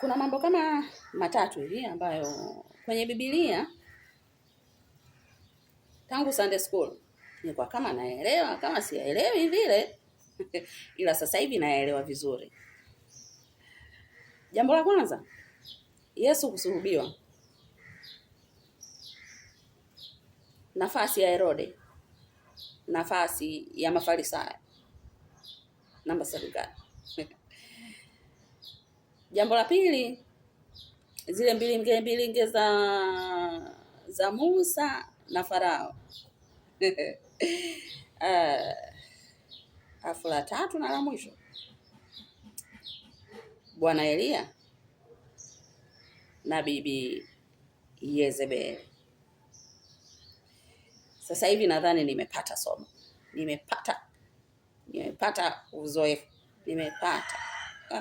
Kuna mambo kama matatu hivi ambayo kwenye Biblia tangu Sunday school nilikuwa kama naelewa kama siyaelewi vile ila sasa hivi naelewa vizuri. Jambo la kwanza, Yesu kusuhubiwa, nafasi ya Herode, nafasi ya Mafarisayo namba Jambo la pili, zile mbilinge mbilinge za za Musa na Farao. Eh, Afu la tatu na la mwisho, Bwana elia na Bibi Yezebeli. Sasa hivi nadhani nimepata somo, nimepata nimepata uzoefu, nimepata